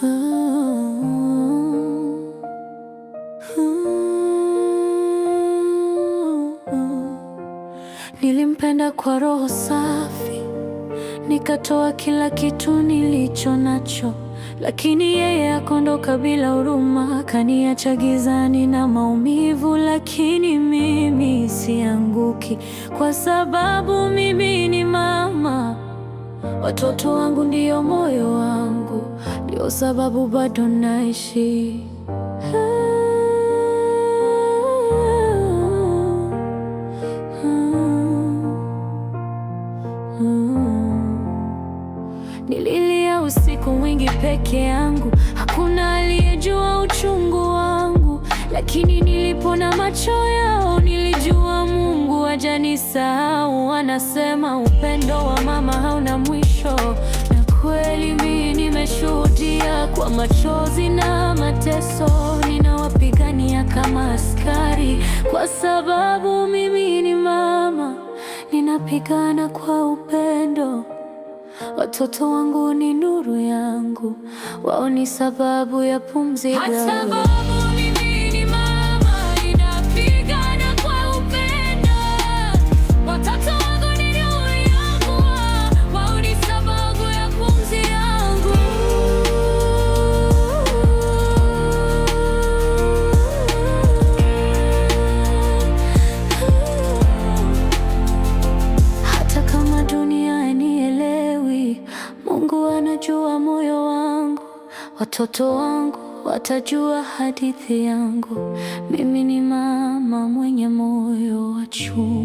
Hmm. Nilimpenda kwa roho safi, nikatoa kila kitu nilicho nacho, lakini yeye akondoka bila huruma, kaniacha gizani na maumivu. Lakini mimi sianguki, kwa sababu mimi ni mama, watoto wangu ndiyo moyo wangu sababu bado naishi. Nililia usiku mwingi peke yangu, hakuna aliyejua uchungu wangu, lakini nilipona macho yao, nilijua Mungu hajanisahau. Anasema upendo wa kwa machozi na mateso, ninawapigania kama askari, kwa sababu mimi ni mama, ninapigana kwa upendo. Watoto wangu ni nuru yangu, wao ni sababu ya pumzi yangu. Watoto wangu watajua hadithi yangu, mimi ni mama mwenye moyo wa chuma.